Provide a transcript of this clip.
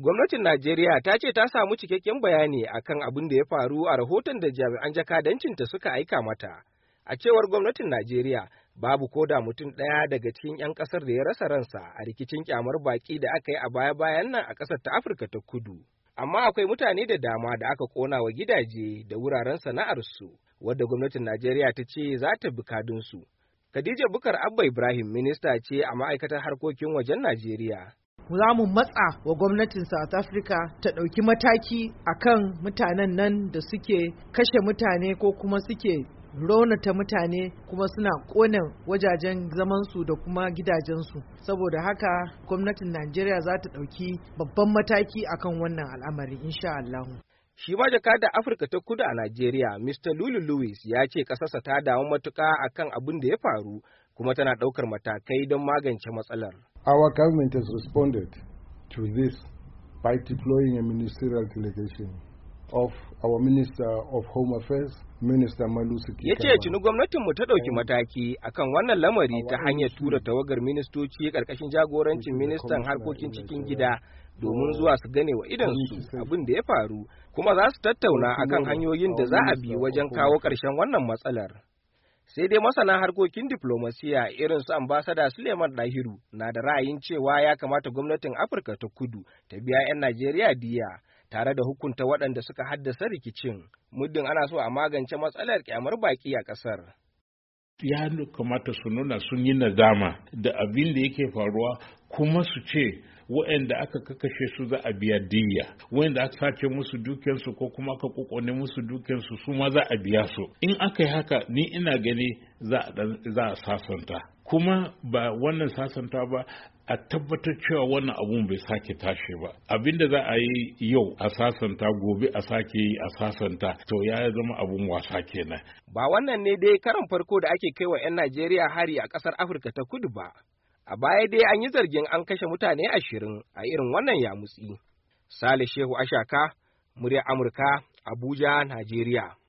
Gwamnatin Najeriya ta ce ta samu cikakken bayani akan abin da ya faru a rahoton da jami'an jakadancinta suka aika mata. A cewar gwamnatin Najeriya, babu ko da mutum ɗaya daga cikin 'yan ƙasar da ya rasa ransa a rikicin kyamar baƙi da aka yi a baya-bayan nan a ƙasar ta Afirka ta kudu. Amma akwai mutane da dama da aka ƙona wa gidaje da wuraren sana'arsu, wadda gwamnatin Najeriya ta ce za ta bi kadinsu. Khadija Bukar Abba Ibrahim minista ce a ma'aikatar harkokin wajen Najeriya. za mu matsa wa gwamnatin South Africa ta ɗauki mataki a kan mutanen nan da suke kashe mutane ko kuma suke raunata mutane kuma suna kone wajajen zamansu da kuma gidajensu saboda haka gwamnatin najeriya za ta ɗauki babban mataki akan wannan al'amari insha Allah. Shi ma jakadar Afirka ta kudu a Najeriya, Mr. Lulu Lewis ya ce ƙasarsa ta damu matuƙa akan abin da ya faru kuma tana ɗaukar matakai don magance matsalar. Our government has responded to this by deploying a ministerial delegation of our Minister of Home Affairs, Minister Malusi Ya ce gwamnatin gwamnatinmu ta ɗauki mataki akan wannan lamari ta hanyar tura tawagar ministoci ƙarƙashin jagorancin ministan harkokin cikin gida domin zuwa su gane wa idansu abin da ya faru kuma za su tattauna akan hanyoyin da za a bi wajen kawo ƙarshen wannan matsalar. sai dai masana harkokin diflomasiya irin su ambasada suleiman dahiru na da ra'ayin cewa ya kamata gwamnatin afirka ta kudu ta biya 'yan najeriya diya tare da hukunta waɗanda suka haddasa rikicin muddin ana so a magance matsalar kyamar baki a ƙasar. ya kamata su nuna sun yi nadama da abin da yake faruwa kuma su ce waɗanda aka kakashe su za a biya diya waɗanda aka sace musu dukiyarsu ko kuma aka kokone musu dukiyarsu su ma za a biya su in aka yi haka ni ina gani za a sasanta kuma ba wannan sasanta ba a tabbatar cewa wannan abun bai sake tashi ba abinda za a yi yau a sasanta gobe a sake yi a sasanta to ya zama abun wasa kenan ba wannan ne dai karan farko da ake kai wa 'yan najeriya hari a ƙasar afirka ta kudu ba A baya dai an yi zargin an kashe mutane ashirin a irin wannan yamutsi. Sale Shehu Ashaka, murya Amurka, Abuja, Najeriya.